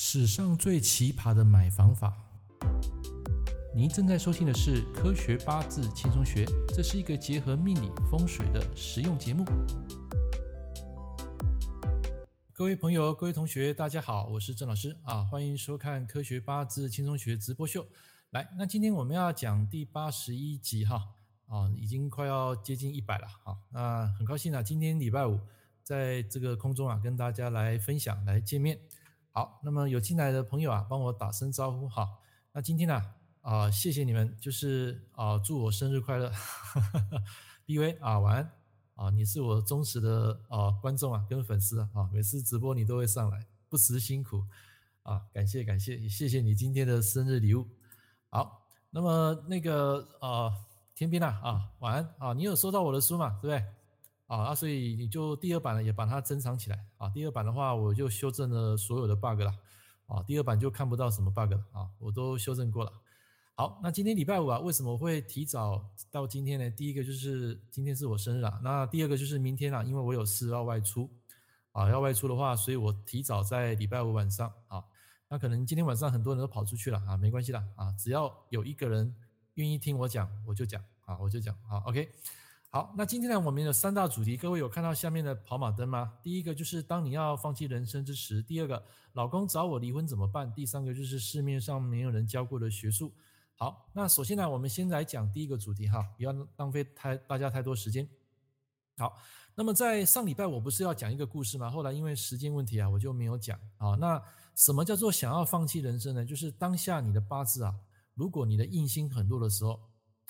史上最奇葩的買房法。您正在收聽的是《科學八字輕鬆學》，這是一個結合命理風水的實用節目。各位朋友，各位同學，大家好，我是鄭老師啊，歡迎收看《科學八字輕鬆學》直播秀。來，那今天我們要講第八十一集哈，啊，啊，已經快要接近一百了哈，啊，那很高興啊，今天禮拜五在這個空中啊，跟大家來分享，來見面。好，那麼有進來的朋友啊，幫我打聲招呼哈。那今天呢、啊，啊、呃，謝謝你們，就是啊、呃，祝我生日快樂。BV 啊，晚安啊，你是我忠實的啊、呃、觀眾啊，跟粉絲啊，每次直播你都會上來，不辭辛苦啊，感謝感謝，也謝謝你今天的生日禮物。好，那麼那個啊、呃，天斌啊，啊，晚安啊，你有收到我的書嘛？對不對？啊，所以你就第二版呢也把它珍藏起來啊。第二版的話，我就修正了所有的 bug 了啊。第二版就看不到什麼 bug 了啊，我都修正過了。好，那今天禮拜五啊，為什麼會提早到今天呢？第一個就是今天是我生日了啊，那第二個就是明天了啊，因為我有事要外出啊。要外出的話，所以我提早在禮拜五晚上啊。那可能今天晚上很多人都跑出去了啊，沒關係啦啊，只要有一個人願意聽我講，我就講啊，我就講啊，OK。好，那今天呢，我們有三大主題，各位有看到下面的跑馬燈嗎？第一個就是當你要放棄人生之時，第二個，老公找我離婚怎麼辦？第三個就是市面上沒有人教過的學術。好，那首先呢，我們先來講第一個主題哈，不要浪費太大家太多時間。好，那麼在上禮拜我不是要講一個故事嗎？後來因為時間問題啊，我就沒有講啊。那什麼叫做想要放棄人生呢？就是當下你的八字啊，如果你的印星很弱的時候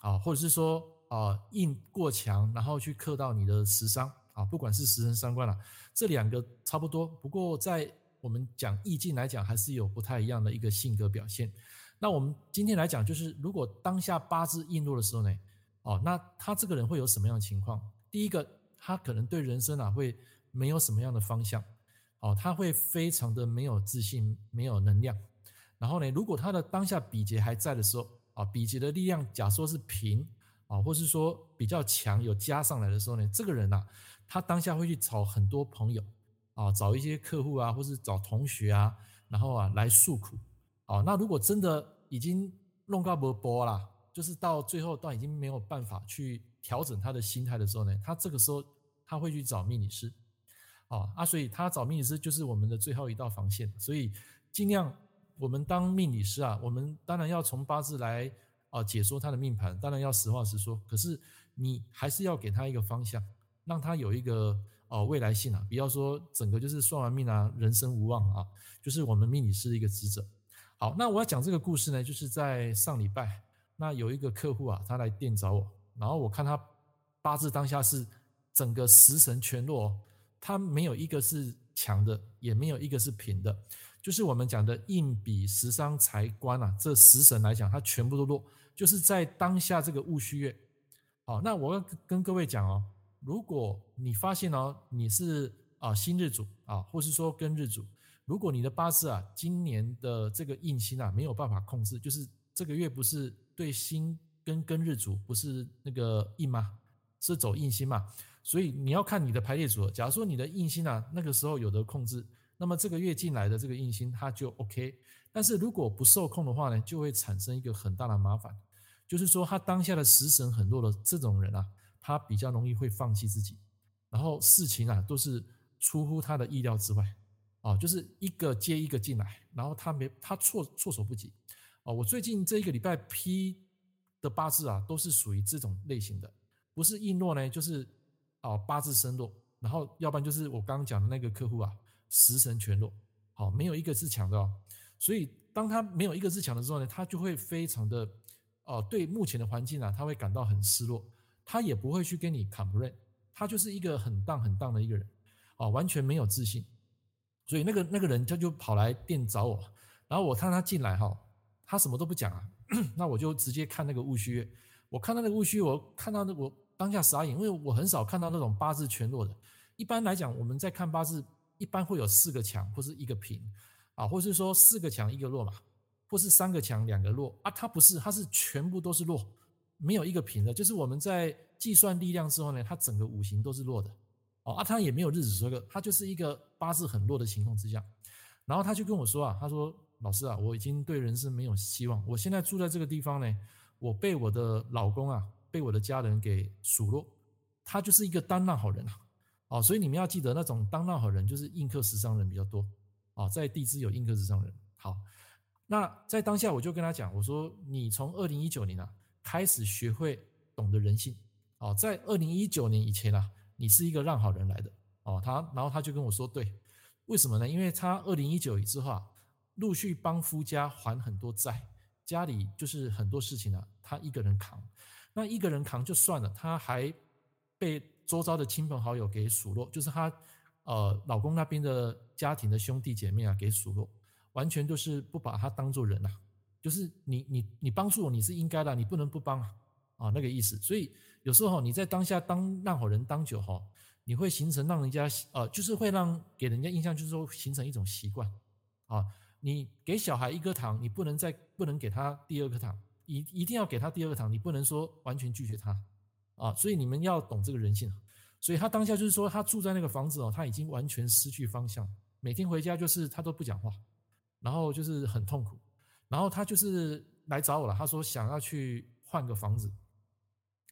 啊，或者是說。啊，印過強，然後去克到你的食傷啊，不管是食神傷官啊，這兩個差不多。不過在我們講意境來講，還是有不太一樣的一個性格表現。那我們今天來講，就是如果當下八字印弱的時候呢，哦、啊，那他這個人會有什麼樣的情況？第一個，他可能對人生啊會沒有什麼樣的方向，哦、啊，他會非常的沒有自信，沒有能量。然後呢，如果他的當下比劫還在的時候啊，比劫的力量假說是平，啊，或是說比較強有加上來的時候呢，這個人吶、啊，他當下會去找很多朋友啊，找一些客戶啊，或是找同學啊，然後啊來訴苦。啊、哦，那如果真的已經弄到沒撇了，就是到最後到已經沒有辦法去調整他的心態的時候呢，他這個時候他會去找命理師。哦、啊，所以他找命理師就是我們的最後一道防線。所以盡量我們當命理師啊，我們當然要從八字來。啊，解說他的命盤，當然要實話實說。可是你還是要給他一個方向，讓他有一個哦未來性啊。不要說整個就是算完命啊，人生無望啊，就是我們命理師的一個職責。好，那我要講這個故事呢，就是在上禮拜，那有一個客戶啊，他來店找我，然後我看他八字當下是整個十神全弱，他沒有一個是強的，也沒有一個是平的。就是我們講的印比食傷財官啊，這十神來講，它全部都弱，就是在當下這個戊戌月。好，那我要跟各位講哦，如果你發現哦，你是啊辛日主啊，或是說庚日主，如果你的八字啊，今年的這個印星啊沒有辦法控制，就是這個月不是對辛跟庚日主不是那個印嗎？是走印星嘛？所以你要看你的排列組合。假如說你的印星啊，那個時候有的控制。那麼這個月進來的這個印星他就 OK，但是如果不受控的話呢，就會產生一個很大的麻煩，就是說他當下的十神很弱的這種人啊，他比較容易會放棄自己，然後事情啊都是出乎他的意料之外啊，就是一個接一個進來，然後他沒他措措手不及啊。我最近這一個禮拜批的八字啊，都是屬於這種類型的，不是印弱呢，就是哦八字身弱，然後要不然就是我剛剛講的那個客戶啊。十神全弱，好、哦，沒有一個是強的、哦，所以當他沒有一個是強的時候呢，他就會非常的，哦，對目前的環境啊，他會感到很失落，他也不會去跟你 complain，他就是一個很蕩很蕩的一個人，啊、哦，完全沒有自信，所以那個那個人他就，就跑來店找我，然後我看他進來哈、哦，他什麼都不講啊，那我就直接看那個戊戌，我看那個戊戌，我看到那我當下傻眼，因為我很少看到那種八字全弱的，一般來講我們在看八字，一般會有四個強或是一個平，啊，或是說四個強一個弱嘛，或是三個強兩個弱啊，他不是，他是全部都是弱，沒有一個平的。就是我們在計算力量之後呢，他整個五行都是弱的，哦，啊，他也沒有日子這個，他就是一個八字很弱的情況之下，然後他就跟我說啊，他說老師啊，我已經對人生沒有希望，我現在住在這個地方呢，我被我的老公啊，被我的家人給數落，他就是一個單爛好人啊。哦，所以你們要記得，那種當濫好人就是印剋食傷人比較多哦，在地支有印剋食傷人。好，那在當下我就跟他講，我說你從二零一九年啊開始學會懂得人性哦，在二零一九年以前啊，你是一個濫好人來的哦，他然後他就跟我說，對，為什麼呢？因為他二零一九以後啊，陸續幫夫家還很多債，家裡就是很多事情呢、啊，他一個人扛，那一個人扛就算了，他還被。周遭的親朋好友給數落，就是她呃，老公那邊的家庭的兄弟姐妹啊給數落，完全就是不把她當做人啊，就是你你你幫助我你是應該的，你不能不幫啊那個意思。所以有時候你在當下當爛好人當久哈，你會形成讓人家呃，就是會讓給人家印象就是說形成一種習慣啊。你給小孩一顆糖，你不能再不能給他第二顆糖，一一定要給他第二顆糖，你不能說完全拒絕他。啊，所以你們要懂這個人性，所以他當下就是說，他住在那個房子哦，他已經完全失去方向，每天回家就是他都不講話，然後就是很痛苦，然後他就是來找我了。他說想要去換個房子。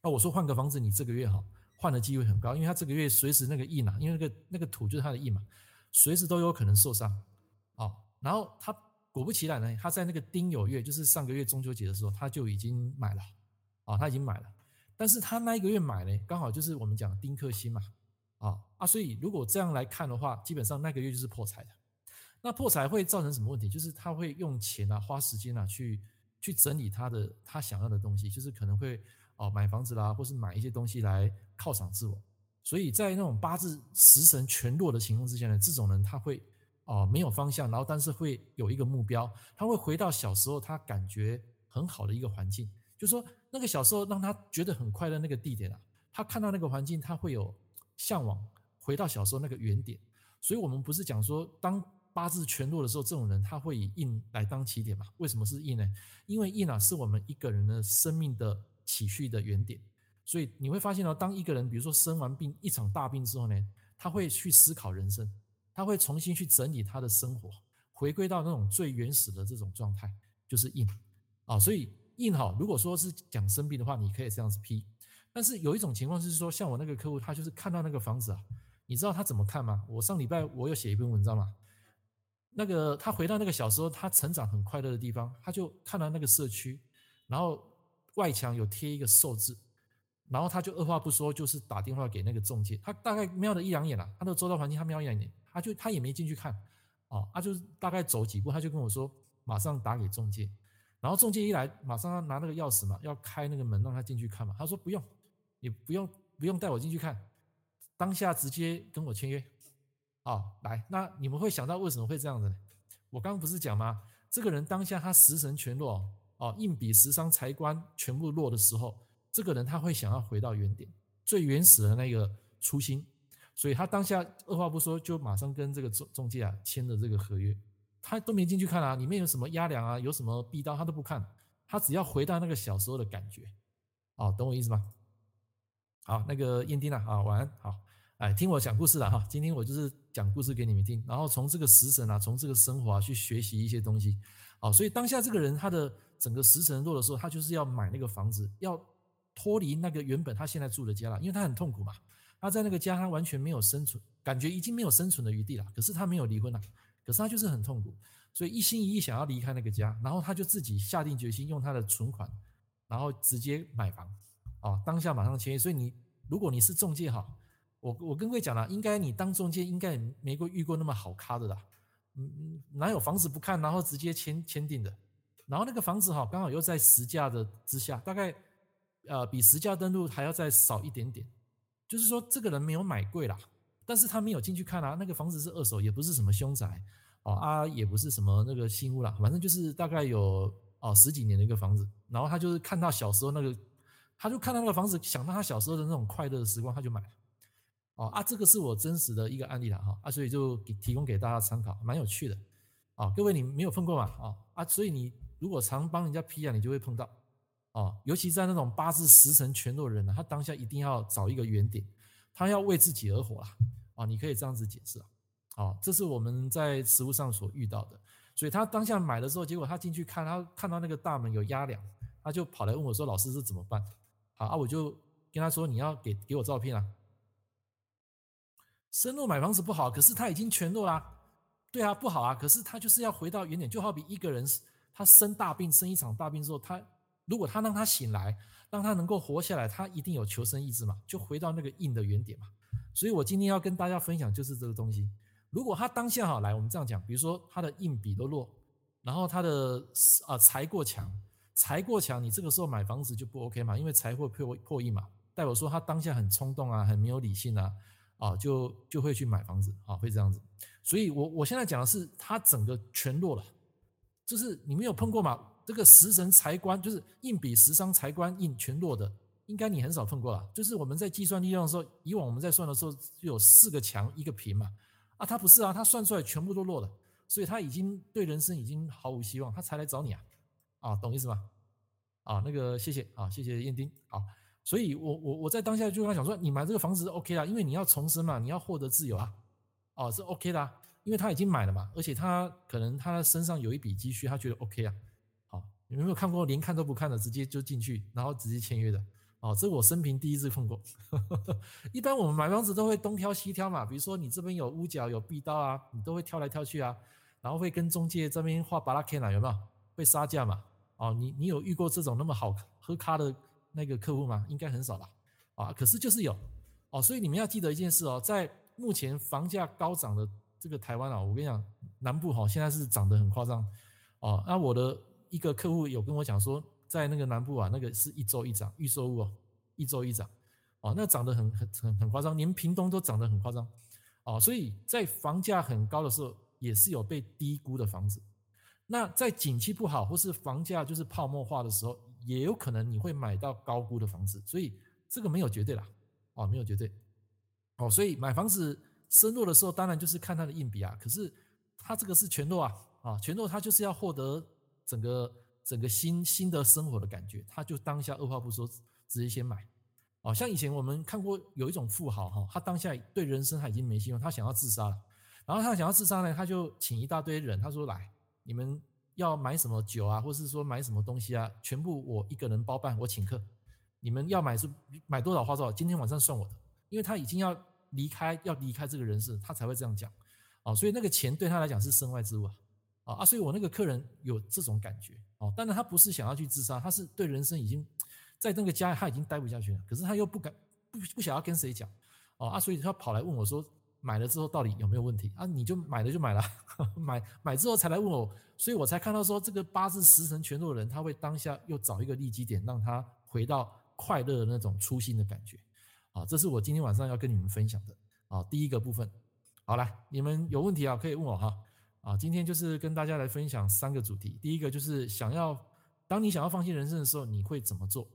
啊，我說換個房子，你這個月哈換的機會很高，因為他這個月隨時那個印嘛，因為那個那個土就是他的印嘛，隨時都有可能受傷哦。然後他果不其然呢，他在那個丁酉月，就是上個月中秋節的時候，他就已經買了啊，他已經買了。但是他那一個月買呢，剛好就是我們講的丁剋辛嘛，啊啊，所以如果這樣來看的話，基本上那個月就是破財的。那破財會造成什麼問題？就是他會用錢啊，花時間啊，去去整理他的他想要的東西，就是可能會哦、呃、買房子啦，或是買一些東西來犒賞自我。所以在那種八字十神全弱的情況之下呢，這種人他會哦、呃、沒有方向，然後但是會有一個目標，他會回到小時候他感覺很好的一個環境，就是說。那個小時候讓他覺得很快樂那個地點啊，他看到那個環境，他會有向往回到小時候那個原點。所以，我們不是講說當八字全弱的時候，這種人他會以印來當起點嘛？為什麼是印呢？因為印啊，是我們一個人的生命的起序的原點。所以你會發現哦，當一個人比如說生完病一場大病之後呢，他會去思考人生，他會重新去整理他的生活，回歸到那種最原始的這種狀態，就是印啊、哦。所以。印好，如果說是講生病的話，你可以這樣子批。但是有一種情況是說，像我那個客戶，他就是看到那個房子啊，你知道他怎麼看嗎？我上禮拜我有寫一篇文章嘛，那個他回到那個小時候他成長很快樂的地方，他就看到那個社區，然後外牆有貼一個售字，然後他就二話不說，就是打電話給那個仲介。他大概瞄了一兩眼了、啊、他的周遭環境他瞄一眼，他就他也沒進去看，哦，他就大概走幾步，他就跟我說，馬上打給仲介。然後仲介一來，馬上要拿那個鑰匙嘛，要開那個門讓他進去看嘛。他說不用，你不用不用帶我進去看，當下直接跟我簽約。啊、哦，來，那你們會想到為什麼會這樣子呢？我剛剛不是講嗎？這個人當下他十神全弱，哦，印比食傷財官全部弱的時候，這個人他會想要回到原點，最原始的那個初心，所以他當下二話不說就馬上跟這個仲仲介啊簽了這個合約。他都沒進去看啊，裡面有什麼壓梁啊，有什麼壁刀，他都不看。他只要回到那個小時候的感覺，哦，懂我意思嗎？好，那個燕丁啊，好、哦，晚安，好，哎，聽我講故事了哈。今天我就是講故事給你們聽，然後從這個十神啊，從這個生活啊，去學習一些東西。好，所以當下這個人他的整個十神弱的時候，他就是要買那個房子，要脫離那個原本他現在住的家了，因為他很痛苦嘛。他在那個家，他完全沒有生存感覺，已經沒有生存的餘地了。可是他沒有離婚了。可是他就是很痛苦，所以一心一意想要離開那個家，然後他就自己下定決心用他的存款，然後直接買房，啊，當下馬上簽約。所以你如果你是仲介哈，我我跟各位講了，應該你當仲介應該沒過遇過那麼好咖的啦，嗯嗯，哪有房子不看然後直接簽簽訂的？然後那個房子哈，剛好又在實價的之下，大概呃比實價登錄還要再少一點點，就是說這個人沒有買貴啦。但是他沒有進去看啊，那個房子是二手，也不是什麼凶宅，啊，也不是什麼那個新屋啦，反正就是大概有哦十幾年的一個房子。然後他就是看到小時候那個，他就看到那個房子，想到他小時候的那種快樂的時光，他就買了。哦、啊，這個是我真實的一個案例了哈，啊，所以就給提供給大家參考，蠻有趣的。啊、哦，各位你沒有碰過嘛？啊、哦、啊，所以你如果常幫人家批啊，你就會碰到。啊、哦，尤其在那種八字十神全弱的人啊，他當下一定要找一個原點。他要為自己而活了啊！你可以這樣子解釋啊，這是我們在實務上所遇到的。所以他當下買的時候，結果他進去看，他看到那個大門有壓樑，他就跑來問我說：“老師，這怎麼辦？”好啊，我就跟他說：“你要給給我照片啊。”身弱買房子不好，可是他已經全弱了啊。對啊，不好啊，可是他就是要回到原點，就好比一個人他生大病，生一場大病之後，他。如果他讓他醒來，讓他能夠活下來，他一定有求生意志嘛，就回到那個印的原點嘛。所以我今天要跟大家分享就是這個東西。如果他當下哈來，我們這樣講，比如說他的印比都弱，然後他的啊財過強，財過強，過你這個時候買房子就不 OK 嘛，因為財會破破印嘛。代表說他當下很衝動啊，很沒有理性啊，啊就就會去買房子啊，會這樣子。所以我，我我現在講的是他整個全弱了，就是你沒有碰過嗎？這個食神財官就是印比食傷財官印全弱的，應該你很少碰過了。就是我們在計算力量的時候，以往我們在算的時候就有四個強一個平嘛，啊，他不是啊，他算出來全部都弱了，所以他已經對人生已經毫無希望，他才來找你啊，啊，懂意思嗎？啊，那個謝謝啊，謝謝燕丁啊，所以我我我在當下就跟他講說，你買這個房子是 OK 啊，因為你要重生嘛，你要獲得自由啊，哦，是 OK 的啊，因為他已經買了嘛，而且他可能他身上有一筆積蓄，他覺得 OK 啊。你們有沒有看過連看都不看的，直接就進去，然後直接簽約的？哦，這是我生平第一次碰過。 一般我們買房子都會東挑西挑嘛，比如說你這邊有屋角有壁刀啊，你都會挑來挑去啊，然後會跟中介這邊畫巴拉 K 呢？有沒有？會殺價嘛？哦，你你有遇過這種那麼好喝咖的那個客戶嗎？應該很少吧？啊，可是就是有哦，所以你們要記得一件事哦，在目前房價高漲的這個台灣啊、哦，我跟你講，南部哈、哦、現在是漲得很誇張哦。那我的。一個客戶有跟我講說，在那個南部啊，那個是一周一漲預售屋哦，一周一漲，哦，那漲得很很很很誇張，連屏東都漲得很誇張，哦，所以在房價很高的時候，也是有被低估的房子。那在景氣不好或是房價就是泡沫化的時候，也有可能你會買到高估的房子。所以這個沒有絕對啦，哦，沒有絕對，哦，所以買房子身弱的時候，當然就是看它的印比啊。可是它這個是全弱啊，啊，全弱它就是要獲得。整個整個新新的生活的感覺，他就當下二話不說，直接先買。哦，像以前我們看過有一種富豪哈、哦，他當下對人生他已經沒希望，他想要自殺了。然後他想要自殺呢，他就請一大堆人，他說：“來，你們要買什麼酒啊，或是說買什麼東西啊，全部我一個人包辦，我請客。你們要買是買多少花多少，今天晚上算我的。”因為他已經要離開，要離開這個人世，他才會這樣講。哦，所以那個錢對他來講是身外之物啊。啊，所以我那個客人有這種感覺哦，當然他不是想要去自殺，他是對人生已經，在那個家他已經待不下去了，可是他又不敢不、不想要跟誰講，哦啊！所以他跑來問我說，買了之後到底有沒有問題啊？你就買了就買了，呵呵買買之後才來問我，所以我才看到說，這個八字十神全弱的人，他會當下又找一個利基點，讓他回到快樂的那種初心的感覺，啊、哦，這是我今天晚上要跟你們分享的啊、哦，第一個部分。好來，你們有問題啊，可以問我哈、啊。啊，今天就是跟大家來分享三個主題。第一個就是想要，當你想要放棄人生的時候，你會怎麼做？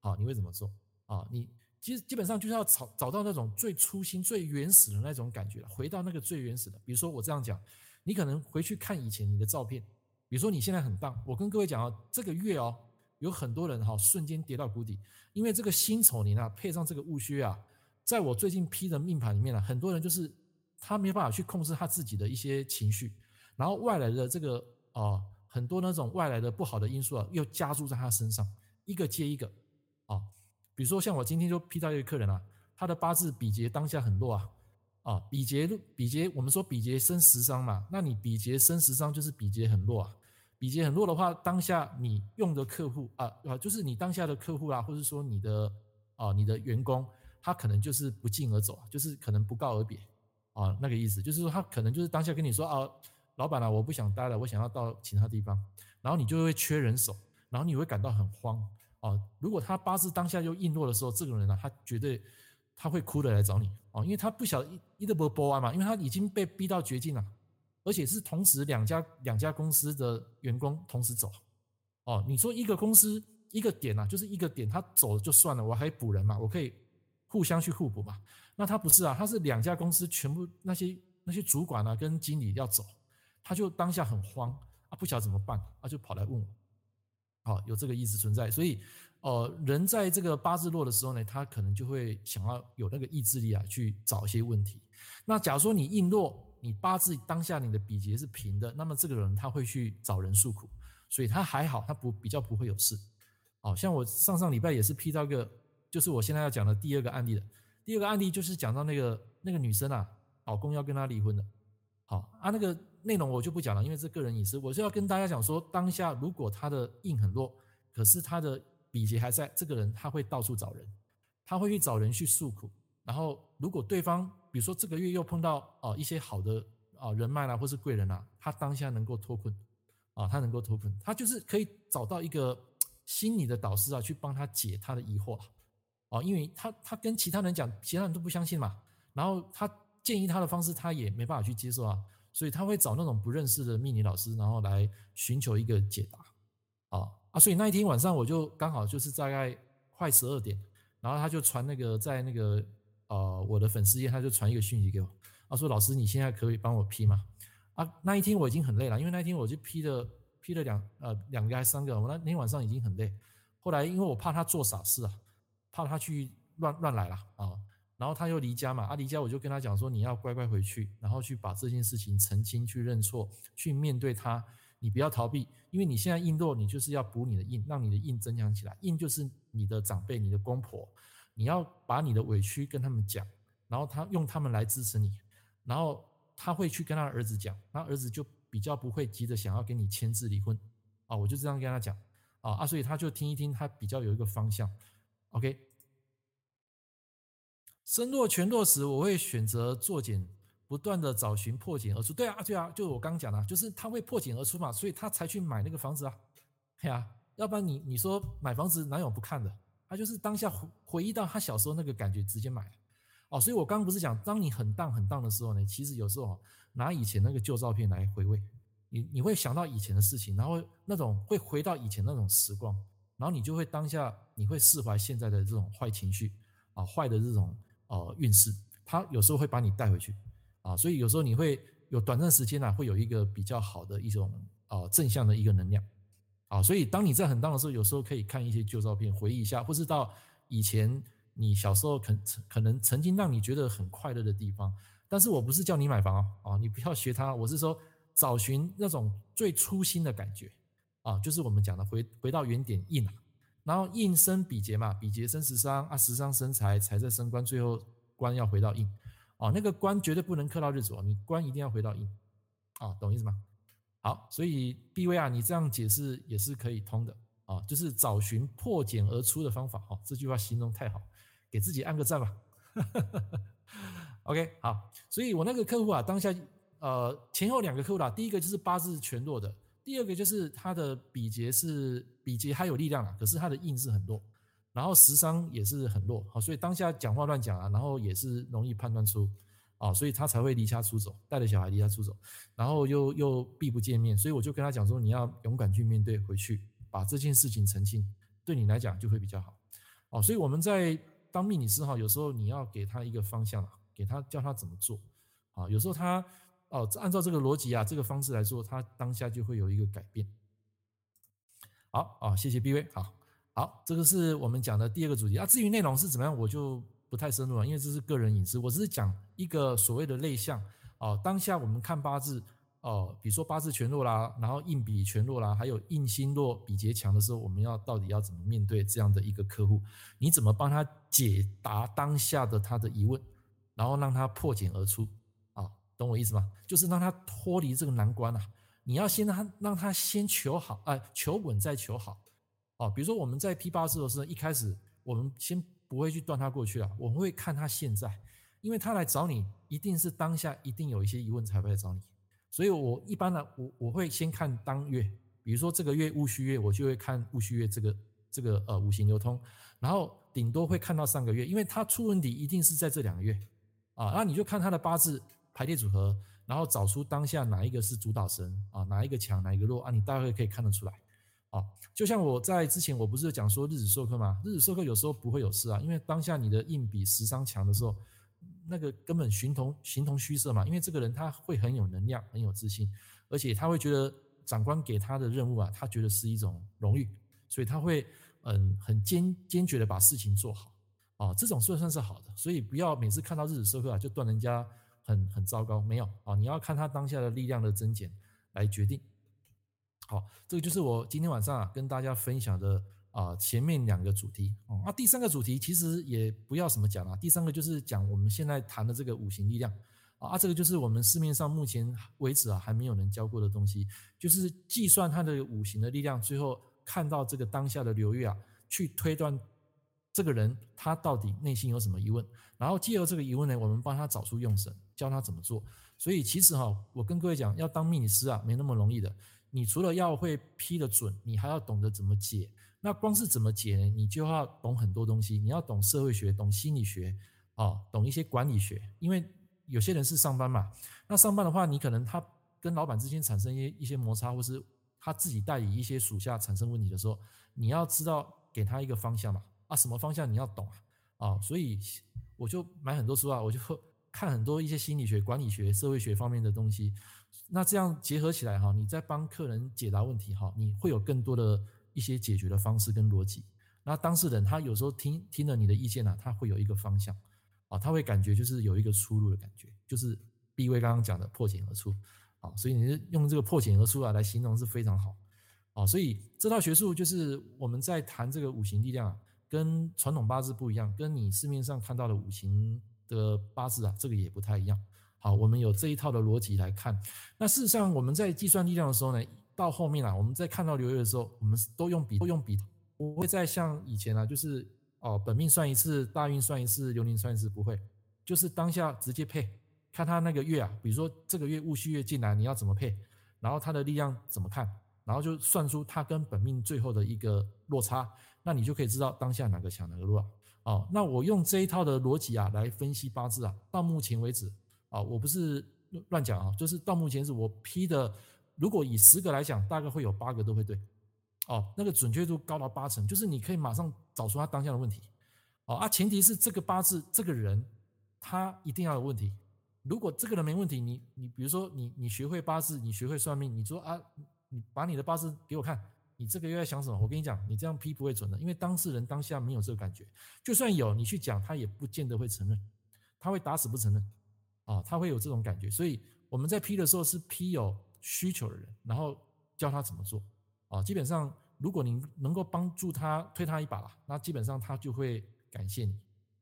啊，你會怎麼做？啊，你基基本上就是要找找到那種最初心、最原始的那種感覺了，回到那個最原始的。比如說我這樣講，你可能回去看以前你的照片。比如說你現在很棒，我跟各位講啊，這個月哦，有很多人哈瞬間跌到谷底，因為這個辛丑年啊配上這個戊戌啊，在我最近批的命盤裡面呢，很多人就是他沒辦法去控制他自己的一些情緒。然後外來的這個啊、呃，很多那種外來的不好的因素啊，又加注在他身上，一個接一個啊、哦。比如說像我今天就批到一個客人啊，他的八字比劫當下很弱啊啊，比劫比劫，我們說比劫生食傷嘛，那你比劫生食傷就是比劫很弱啊，比劫很弱的話，當下你用的客戶啊啊，就是你當下的客戶啊，或者說你的啊你的員工，他可能就是不脛而走，就是可能不告而別啊，那個意思，就是說他可能就是當下跟你說啊。老闆啊，我不想待了，我想要到其他地方。然後你就會缺人手，然後你會感到很慌啊、哦。如果他八字當下就印落的時候，這個人呢、啊，他絕對他會哭的來找你啊、哦，因為他不曉得一一 d o 波啊嘛，因為他已經被逼到絕境了，而且是同時兩家兩家公司的員工同時走哦。你說一個公司一個點啊，就是一個點，他走就算了，我還補人嘛，我可以互相去互補嘛。那他不是啊，他是兩家公司全部那些那些主管啊跟經理要走。他就當下很慌啊，不曉得怎麼辦，他就跑來問我，好，有這個意思存在，所以，呃，人在這個八字弱的時候呢，他可能就會想要有那個意志力啊，去找一些問題。那假如說你印弱，你八字當下你的比劫是平的，那麼這個人他會去找人訴苦，所以他還好，他不比較不會有事。哦，像我上上禮拜也是批到一個，就是我現在要講的第二個案例的第二個案例，就是講到那個那個女生啊，老公要跟她離婚的，好啊那個。內容我就不講了，因為是個人隱私。我是要跟大家講說，當下如果他的印很弱，可是他的比劫還在，這個人他會到處找人，他會去找人去訴苦。然後如果對方，比如說這個月又碰到啊一些好的啊人脈啦，啊，或是貴人啦，啊，他當下能夠脫困啊，他能夠脫困，他就是可以找到一個心理的導師啊，去幫他解他的疑惑啊，啊因為他他跟其他人講，其他人都不相信嘛。然後他建議他的方式，他也沒辦法去接受啊。所以他會找那種不認識的命理老師，然後來尋求一個解答，啊啊！所以那一天晚上我就剛好就是大概快十二點，然後他就傳那個在那個呃我的粉絲頁，他就傳一個訊息給我，他、啊、說：“老師，你現在可以幫我批嗎？”啊，那一天我已經很累了，因為那一天我就批了批了兩呃兩個還三個，我那天晚上已經很累。後來因為我怕他做傻事啊，怕他去亂亂來了啊。然後他又離家嘛，啊離家我就跟他講說，你要乖乖回去，然後去把這件事情澄清，去認錯，去面對他，你不要逃避，因為你現在印弱，你就是要補你的印，讓你的印增強起來，印就是你的長輩、你的公婆，你要把你的委屈跟他們講，然後他用他們來支持你，然後他會去跟他兒子講，他兒子就比較不會急着想要跟你簽字離婚，啊我就這樣跟他講，啊啊所以他就聽一聽，他比較有一個方向，OK。身弱全弱時，落落我會選擇作繭，不斷的找尋破繭而出。對啊，對啊，就是我剛講的，就是他會破繭而出嘛，所以他才去買那個房子啊。對、哎、啊，要不然你你說買房子哪有不看的？他就是當下回憶到他小時候那個感覺，直接買。哦，所以我剛剛不是講，當你很盪很盪的時候呢，其實有時候拿以前那個舊照片來回味，你你會想到以前的事情，然後那種會回到以前那種時光，然後你就會當下你會釋懷現在的這種壞情緒啊，壞的這種。呃，運勢，它有時候會把你帶回去啊，所以有時候你會有短暫時間啊，會有一個比較好的一種呃正向的一個能量啊，所以當你在很 down 的時候，有時候可以看一些舊照片，回憶一下，或是到以前你小時候可可能曾經讓你覺得很快樂的地方。但是我不是叫你買房啊，啊你不要學他，我是說找尋那種最初心的感覺啊，就是我們講的回回到原點一拿、啊。然後印生比劫嘛，比劫生食傷，啊，食傷生財，財再生官，最後官要回到印，哦，那個官絕對不能克到日主，哦，你官一定要回到印，啊、哦，懂意思嗎？好，所以 B V 啊，你這樣解釋也是可以通的啊，哦，就是找尋破繭而出的方法，哦，這句話形容太好，給自己按個讚吧，哈哈哈哈 OK，好，所以我那個客戶啊，當下呃前後兩個客戶啦，啊，第一個就是八字全弱的。第二個就是他的比劫，是比劫。他有力量啊，可是他的印是很弱，然後食傷也是很弱，好，所以當下講話亂講啊，然後也是容易判斷出，啊，所以他才會離家出走，帶着小孩離家出走，然後又又避不見面，所以我就跟他講說，你要勇敢去面對，回去把這件事情澄清，對你來講就會比較好，哦，所以我們在當命理師哈，有時候你要給他一個方向，給他教他怎麼做，啊，有時候他。哦，按照這個邏輯啊，這個方式來說，它當下就會有一個改變。好啊、哦，謝謝 B V。好，好，這個是我們講的第二個主題啊。至於內容是怎麼樣，我就不太深入了，因為這是個人隱私。我只是講一個所謂的類象啊、哦。當下我們看八字哦，比如說八字全弱啦，然後印比全弱啦，還有印星弱比劫強的時候，我們要到底要怎麼面對這樣的一個客戶？你怎麼幫他解答當下的他的疑問，然後讓他破繭而出？懂我意思嗎？就是讓他脫離這個難關啊。你要先讓他讓他先求好，啊、呃，求穩再求好，哦。比如說我們在批八字的時候，一開始我們先不會去斷他過去啊，我們會看他現在，因為他來找你一定是當下一定有一些疑問才會來找你。所以我一般呢，我我會先看當月，比如說這個月戊戌月，我就會看戊戌月這個這個呃五行流通，然後頂多會看到上個月，因為他出問題一定是在這兩個月啊，那你就看他的八字，排列組合，然後找出當下哪一個是主導神啊，哪一個強，哪一個弱啊？你大概可以看得出來。啊。就像我在之前，我不是有講說日主受剋嘛？日主受剋有時候不會有事啊，因為當下你的印比食傷強的時候，那個根本形同形同虛設嘛。因為這個人他會很有能量，很有自信，而且他會覺得長官給他的任務啊，他覺得是一種榮譽，所以他會嗯很堅堅決的把事情做好。啊，這種算算是好的，所以不要每次看到日主受剋啊，就斷人家。很很糟糕，沒有啊！你要看他當下的力量的增減來決定。好，這個就是我今天晚上啊跟大家分享的啊、呃、前面兩個主題那、哦啊、第三個主題其實也不要什麼講了、啊，第三個就是講我們現在談的這個五行力量、哦、啊。這個就是我們市面上目前為止啊還沒有人教過的東西，就是計算他的五行的力量，最後看到這個當下的流月啊，去推斷這個人他到底內心有什麼疑問，然後借由這個疑問呢，我們幫他找出用神。教他怎麼做，所以其實哈、哦，我跟各位講，要當命理師啊，沒那麼容易的。你除了要會批的準，你還要懂得怎麼解。那光是怎麼解你就要懂很多東西。你要懂社會學，懂心理學、哦，懂一些管理學。因為有些人是上班嘛，那上班的話，你可能他跟老闆之間產生一一些摩擦，或是他自己代理一些屬下產生問題的時候，你要知道給他一個方向嘛。啊，什麼方向你要懂啊？啊、哦，所以我就買很多書啊，我就看很多一些心理學、管理學、社會學方面的東西，那這樣結合起來哈，你在幫客人解答問題哈，你會有更多的一些解決的方式跟邏輯。那當事人他有時候聽聽了你的意見呢，啊，他會有一個方向，啊，他會感覺就是有一個出路的感覺，就是 B V 剛剛講的破繭而出，啊，所以你是用這個破繭而出啊來形容是非常好，啊，所以這套學術就是我們在談這個五行力量，跟傳統八字不一樣，跟你市面上看到的五行。的八字啊，這個也不太一樣。好，我們有這一套的邏輯來看。那事實上，我們在計算力量的時候呢，到後面啊，我們在看到流月的時候，我們都用筆，都用筆，不會再像以前啊，就是哦，本命算一次，大運算一次，流年算一次，不會，就是當下直接配，看他那個月啊，比如說這個月戊戌月進來，你要怎麼配，然後他的力量怎麼看，然後就算出他跟本命最後的一個落差，那你就可以知道當下哪個強，哪個弱。哦，那我用這一套的邏輯啊來分析八字啊，到目前為止啊，哦，我不是亂講啊，就是到目前是我批的，如果以十個來講，大概會有八個都會對，哦，那個準確度高到八成，就是你可以馬上找出他當下的問題，哦啊，前提是這個八字這個人他一定要有問題，如果這個人沒問題，你你比如說你你學會八字，你學會算命，你說啊，你把你的八字給我看。你這個又在想什麼？我跟你講，你這樣批不會準的，因為當事人當下沒有這個感覺，就算有，你去講他也不見得會承認，他會打死不承認，啊、哦，他會有這種感覺。所以我們在批的時候是批有需求的人，然後教他怎麼做，啊、哦，基本上如果你能夠幫助他，推他一把啦，那基本上他就會感謝你，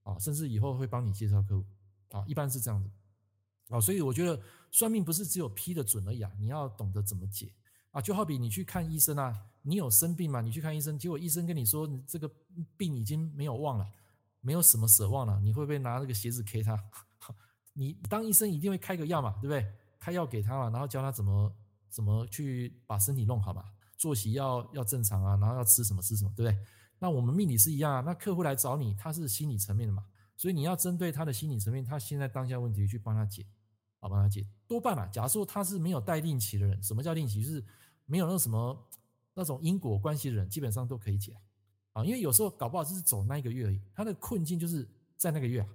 啊、哦，甚至以後會幫你介紹客戶，啊、哦，一般是這樣子，啊、哦，所以我覺得算命不是只有批的準而已啊，你要懂得怎麼解。啊，就好比你去看醫生啊，你有生病嘛？你去看醫生，結果醫生跟你說，你這個病已經沒有望了，沒有什麼奢望了，你會不會拿這個鞋子給他？ 你當醫生一定會開個藥嘛，對不對？開藥給他嘛，然後教他怎麼怎麼去把身體弄好嘛？作息要要正常啊，然後要吃什麼吃什麼，對不對？那我們命理是一樣啊，那客戶來找你，他是心理層面的嘛，所以你要針對他的心理層面，他現在當下問題去幫他解，好幫他解，多半啊。假如說他是沒有帶令旗的人，什麼叫令旗？就是沒有那什麼那種因果關係的人，基本上都可以解啊，因為有時候搞不好就是走那一個月而已，他的困境就是在那個月啊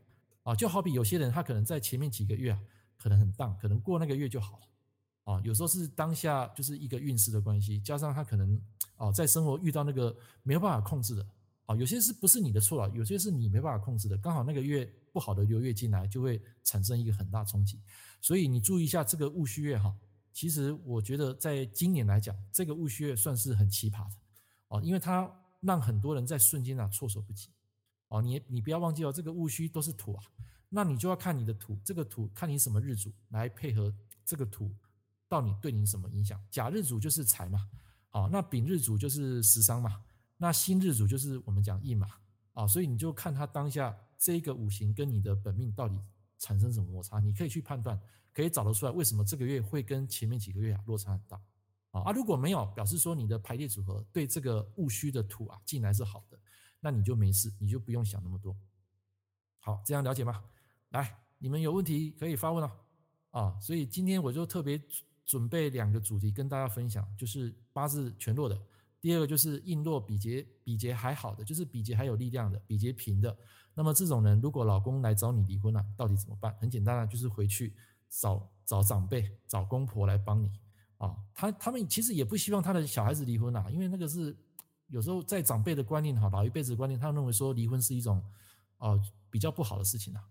啊，就好比有些人他可能在前面幾個月啊，可能很蕩，可能過那個月就好了啊，有時候是當下就是一個運勢的關係，加上他可能啊在生活遇到那個沒有辦法控制的啊，有些是不是你的錯了，有些是你沒辦法控制的，剛好那個月不好的流月進來，就會產生一個很大衝擊，所以你注意一下這個戊戌月哈。其實我覺得，在今年來講，這個戊戌也算是很奇葩的哦，因為它讓很多人在瞬間啊措手不及哦。你你不要忘記哦，這個戊戌都是土啊，那你就要看你的土，這個土看你什麼日主來配合這個土，到底對你什麼影響？甲日主就是財嘛，哦，那丙日主就是食傷嘛，那辛日主就是我們講印嘛啊、哦，所以你就看他當下這個五行跟你的本命到底產生什麼摩擦，你可以去判斷。可以找得出來，為什麼這個月會跟前面幾個月啊落差很大啊？如果沒有，表示說你的排列組合對這個戊戌的土啊，進來是好的，那你就沒事，你就不用想那麼多。好，這樣了解嗎？來，你們有問題可以發問哦。啊，所以今天我就特別準備兩個主題跟大家分享，就是八字全弱的，第二個就是印弱比劫，比劫還好的，就是比劫還有力量的，比劫平的。那麼這種人，如果老公來找你離婚了，啊，到底怎麼辦？很簡單啊，就是回去。找找長輩，找公婆來幫你啊、哦！他他們其實也不希望他的小孩子離婚啊，因為那個是有時候在長輩的觀念哈，老一輩子的觀念，他認為說離婚是一種啊、哦、比較不好的事情啊。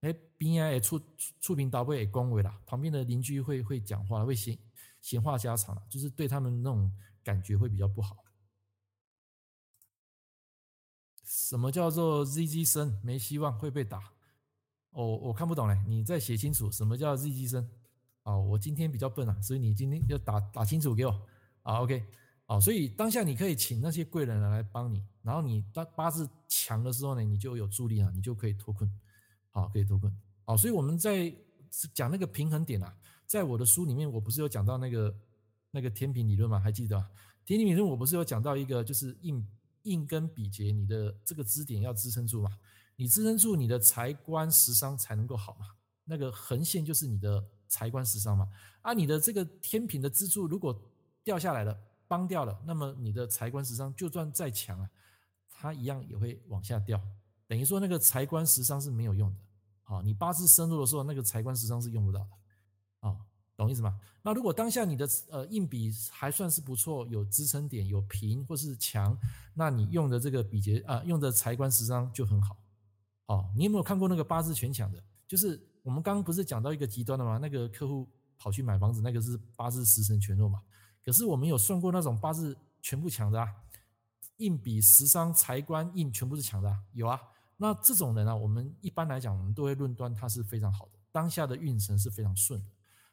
哎，別 I 也觸觸屏刀背也恭維了，旁邊的鄰居會會講話，會閒閒話家常，啊，就是對他們那種感覺會比較不好。什麼叫做 ZZ 生沒希望會被打？我、oh, 我看不懂嘞，你再寫清楚什麼叫日計生哦，oh, 我今天比較笨啊，所以你今天要打打清楚給我好、oh, OK，哦、oh,，所以當下你可以請那些貴人來幫你，然後你當八字強的時候呢，你就有助力啊，你就可以脫困，好、oh,，可以脫困。哦、oh,，所以我們在講那個平衡點啊，在我的書裡面我不是有講到那個那個天平理論嗎？還記得天平理論我不是有講到一個就是印印跟比劫，你的這個支點要支撐住嘛。你支撐住你的財官食傷才能夠好嘛？那個橫線就是你的財官食傷嘛。啊，你的這個天平的支柱如果掉下來了，崩掉了，那麼你的財官食傷就算再強啊，它一樣也會往下掉。等於說那個財官食傷是沒有用的。啊，你八字深入的時候，那個財官食傷是用不到的。啊、哦，懂意思嗎？那如果當下你的呃印比還算是不錯，有支撐點，有平或是強，那你用的這個比劫啊、呃，用的財官食傷就很好。哦，你有沒有看過那個八字全強的？就是我們剛剛不是講到一個極端的嗎？那個客戶跑去買房子，那個是八字十神全弱嘛。可是我們有算過那種八字全部強的啊，印比食傷財官印全部是強的啊。有啊，那這種人啊，我們一般來講，我們都會論斷他是非常好的，當下的運程是非常順的。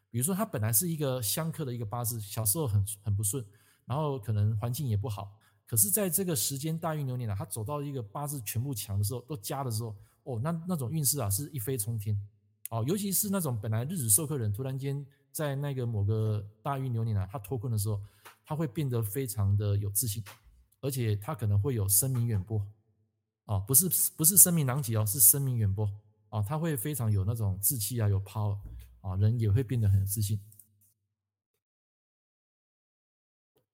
比如說他本來是一個相克的一個八字，小時候很很不順，然後可能環境也不好。可是，在這個時間大運流年啊，他走到一個八字全部強的時候，都加的時候，哦，那那種運勢啊，是一飛沖天，哦，尤其是那種本來日子受克人，突然間在那個某個大運流年啊，他脫困的時候，他會變得非常的有自信，而且他可能會有聲名遠播，啊、哦，不是不是聲名狼藉哦，是聲名遠播，啊、哦，他會非常有那種志氣啊，有 power 啊、哦，人也會變得很自信。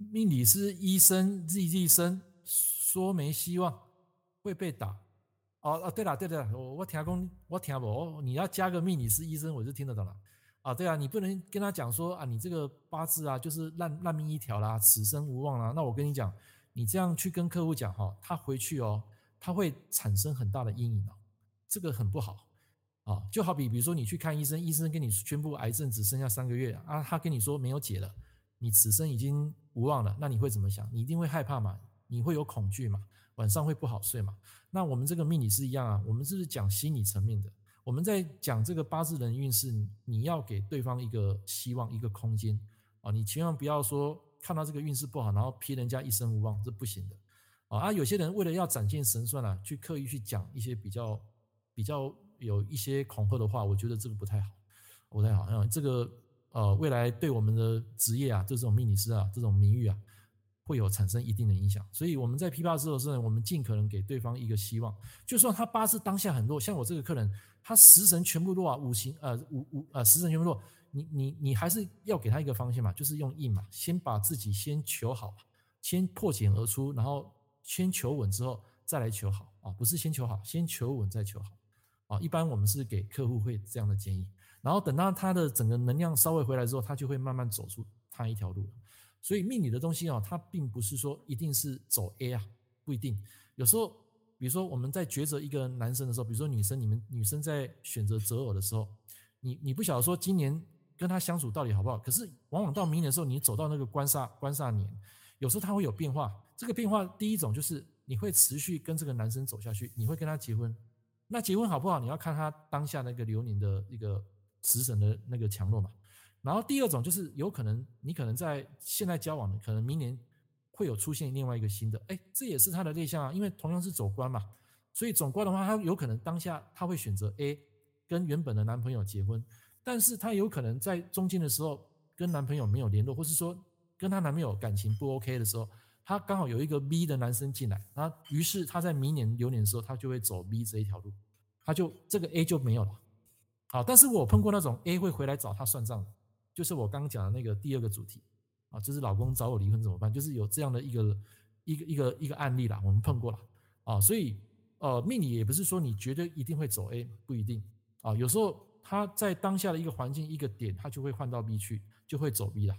命理師醫生，自己醫生說沒希望會被打哦，哦，對了對了，我我聽說我聽無，你要加個命理師醫生，我就聽得懂了啊、哦、對啊，你不能跟他講說啊，你這個八字啊就是爛爛命一條啦，此生無望啦。那我跟你講，你這樣去跟客戶講哈，他回去哦，他會產生很大的陰影、哦、這個很不好啊、哦。就好比比如說你去看醫生，醫生跟你宣布癌症只剩下三個月啊，他跟你說沒有解了，你此生已經。無望了，那你會怎麼想？你一定會害怕嘛？你會有恐懼嘛？晚上會不好睡嘛？那我們這個命理是一樣啊，我們這是，是講心理層面的。我們在講這個八字的運勢，你要給對方一個希望，一個空間啊，你千萬不要說看到這個運勢不好，然後批人家一生無望，這不行的啊。有些人為了要展現神算啊，去刻意去講一些比較比較有一些恐嚇的話，我覺得這個不太好，不太好啊，這個。呃，未來對我們的職業啊，這種命理師啊，這種名譽啊，會有產生一定的影響。所以我們在批八字的時候，我們儘可能給對方一個希望，就算他八字當下很弱，像我這個客人，他十神全部弱啊，五行呃五五呃十神全部弱，你你你還是要給他一個方向嘛，就是用印嘛，先把自己先求好，先破繭而出，然後先求穩之後再來求好啊，不是先求好，先求穩再求好啊。一般我們是給客戶會這樣的建議。然後等到他的整個能量稍微回來之後，他就會慢慢走出他一條路。所以命理的東西哦，他並不是說一定是走 A 啊，不一定。有時候，比如說我們在抉擇一個男生的時候，比如說女生，你們女生在選擇擇偶的時候，你你不曉得說今年跟他相處到底好不好，可是往往到明年的時候，你走到那個官煞官煞年，有時候他會有變化。這個變化第一種就是你會持續跟這個男生走下去，你會跟他結婚。那結婚好不好，你要看他當下那個流年的一個。食神的那個強弱嘛，然後第二種就是有可能你可能在現在交往的，可能明年會有出現另外一個新的，哎，這也是他的對象啊，因為同樣是走官嘛，所以走官的話，他有可能當下他會選擇 A 跟原本的男朋友結婚，但是他有可能在中間的時候跟男朋友沒有聯絡，或是說跟他男朋友感情不 OK 的時候，他剛好有一個 B 的男生進來，那於是他在明年流年的時候，他就會走 B 這一條路，他就這個 A 就沒有了。啊，但是我碰過那種 A 會回來找他算賬，就是我剛剛講的那個第二個主題啊，就是老公找我離婚怎麼辦，就是有這樣的一個一個一個一個案例啦，我們碰過啦啊，所以呃，命理也不是說你絕對一定會走 A，不一定啊，有時候他在當下的一個環境一個點，他就會換到 B 去，就會走 B 啦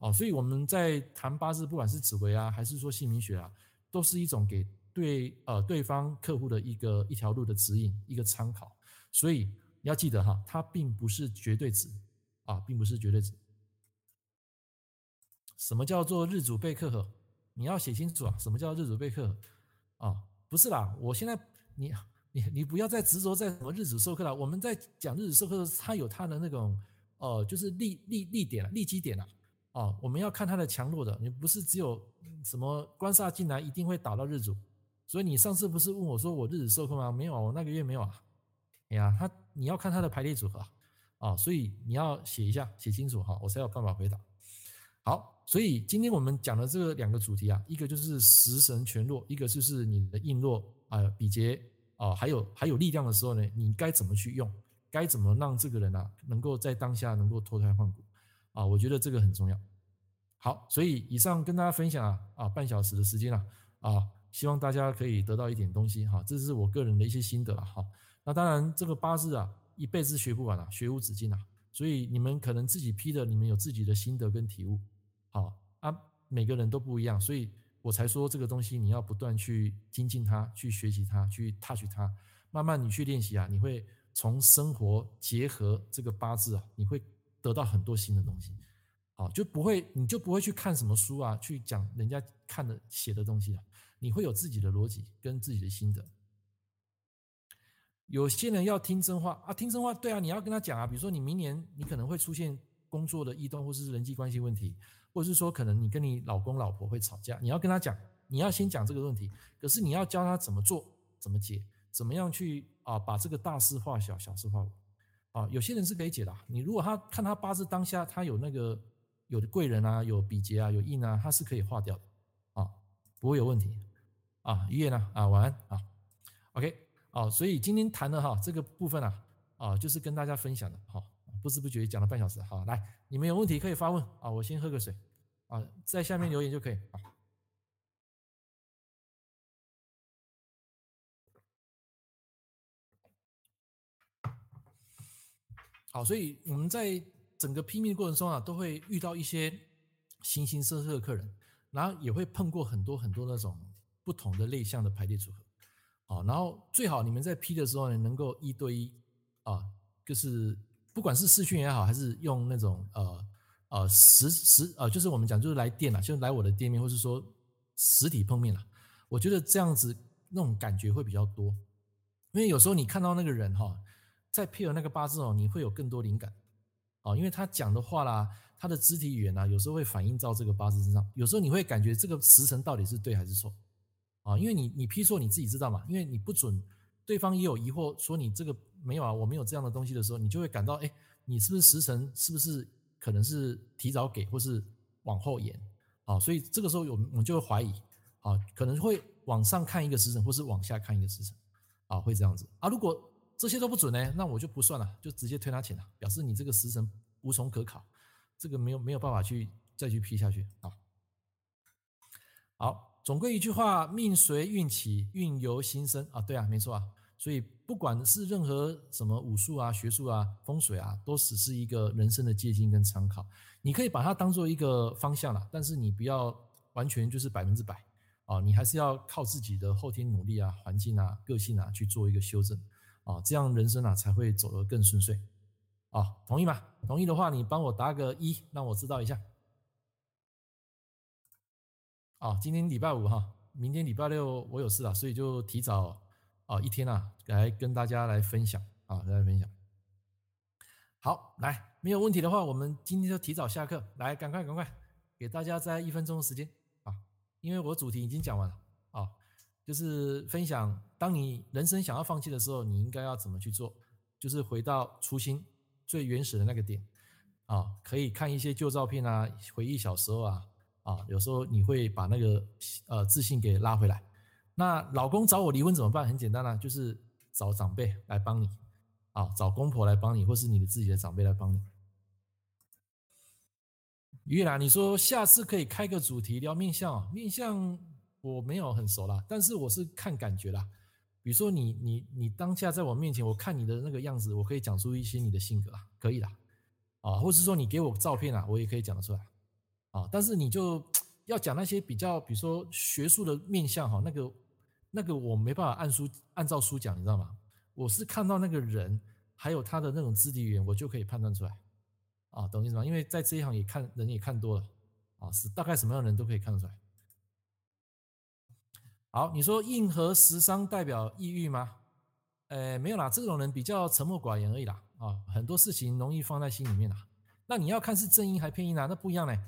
啊，所以我們在談八字，不管是紫微啊，還是說姓名學啊，都是一種給對呃對方客戶的一個一條路的指引，一個參考，所以。你要記得哈，它並不是絕對值啊，並不是絕對值。什麼叫做日主被剋合？你要寫清楚啊！什麼叫日主被剋？啊，不是啦！我現在你你你不要再執着在什麼日主受剋了。我們在講日主受剋的時候，它有它的那種呃，就是立立立點、立基點啦啊，啊。我們要看它的強弱的，你不是只有什麼官煞進來一定會打到日主。所以你上次不是問我說我日主受剋嗎？沒有，我那個月沒有啊。哎呀，他。你要看它的排列組合，啊，所以你要寫一下，寫清楚哈，我才有辦法回答。好，所以今天我們講的這兩個主題啊，一個就是食神全弱，一個就是你的印弱啊、比、呃、劫啊，還有還有力量的時候呢，你該怎麼去用？該怎麼讓這個人啊，能夠在當下能夠脫胎換骨？啊，我覺得這個很重要。好，所以以上跟大家分享啊，啊，半小時的時間了，啊，啊。希望大家可以得到一點東西哈，這是我個人的一些心得了哈。那當然，這個八字啊，一輩子學不完啊，學無止境啊。所以你們可能自己批的，你們有自己的心得跟體悟，好啊，每個人都不一樣，所以我才說這個東西你要不斷去精進它，去學習它，去 touch 它，慢慢你去練習啊，你會從生活結合這個八字啊，你會得到很多新的東西，好，就不會你就不會去看什麼書啊，去講人家看的寫的東西你會有自己的邏輯跟自己的心得。有些人要聽真話啊，聽真話，對啊，你要跟他講啊。比如說你明年你可能會出現工作的異動，或者是人際關係問題，或者是說可能你跟你老公老婆會吵架，你要跟他講，你要先講這個問題。可是你要教他怎麼做，怎麼解，怎麼樣去啊把這個大事化小，小事化了啊。有些人是可以解的啊。你如果他看他八字當下他有那個有的貴人啊，有比劫啊，有印啊，他是可以化掉的啊，不會有問題。啊，一爺呢？啊，晚安啊。OK，啊，所以今天談的哈這個部分呢，啊，啊，就是跟大家分享的，好，不知不覺講了半小時，好，來，你們有問題可以發問啊。我先喝個水啊，在下面留言就可以。好，好，所以我們在整個拼命的過程中啊，都會遇到一些形形色色的客人，然後也會碰過很多很多那種。不同的類型的排列組合，啊，然後最好你們在批的時候呢，能夠一對一啊，就是不管是視訊也好，還是用那種呃呃實實呃，就是我們講就是來電啦，就來我的店面，或是說實體碰面了，我覺得這樣子那種感覺會比較多，因為有時候你看到那個人哈，在配合那個八字哦，你會有更多靈感哦，因為他講的話啦，他的肢體語言啊，有時候會反映到這個八字身上，有時候你會感覺這個時辰到底是對還是錯。啊，因為你你批錯你自己知道嘛，因為你不準，對方也有疑惑，說你這個沒有啊，我沒有這樣的東西的時候，你就會感到，哎，你是不是時辰是不是可能是提早給或是往後延啊、哦？所以這個時候有我們就會懷疑啊、哦，可能會往上看一個時辰，或是往下看一個時辰啊、哦，會這樣子啊。如果這些都不準呢，那我就不算了，就直接退他錢了，表示你這個時辰無從可考，這個沒有沒有辦法去再去批下去啊、哦。好。總歸一句話，命隨運起，運由心生啊。對啊，沒錯啊。所以不管是任何什麼武術啊、學術啊、風水啊，都只是一個人生的借鑒跟參考。你可以把它當做一個方向啦、啊，但是你不要完全就是百分之百啊。你還是要靠自己的後天努力啊、環境啊、個性啊去做一個修正啊，這樣人生啊才會走得更順遂啊。同意嗎？同意的話，你幫我打個一，讓我知道一下。啊，今天禮拜五哈，明天禮拜六我有事了，所以就提早啊一天啊，來跟大家來分享啊，來分享。好，來沒有問題的話，我們今天就提早下課，來趕快趕快給大家再一分鐘的時間啊，因為我主題已經講完了啊，就是分享當你人生想要放棄的時候，你應該要怎麼去做，就是回到初心最原始的那個點啊，可以看一些舊照片啊，回憶小時候啊。啊，有時候你會把那個呃自信給拉回來。那老公找我離婚怎麼辦？很簡單啦，啊，就是找長輩來幫你，啊，找公婆來幫你，或是你的自己的長輩來幫你。於蘭，你說下次可以開個主題聊面相，面相我沒有很熟啦，但是我是看感覺啦。比如說你你你當下在我面前，我看你的那個樣子，我可以講出一些你的性格啊，可以的。啊，或是說你給我照片啊，我也可以講得出來。啊，但是你就要講那些比較，比如說學術的面向哈，那個那個我沒辦法按書按照書講，你知道嗎？我是看到那個人還有他的那種肢體語言，我就可以判斷出來，啊，懂意思嗎？因為在這一行也看人也看多了，啊，是大概什麼樣的人都可以看得出來。好，你說硬核食傷代表抑鬱嗎？呃，沒有啦，這種人比較沉默寡言而已啦，啊，很多事情容易放在心裡面啦。那你要看是正印還偏印呢、啊，那不一樣呢。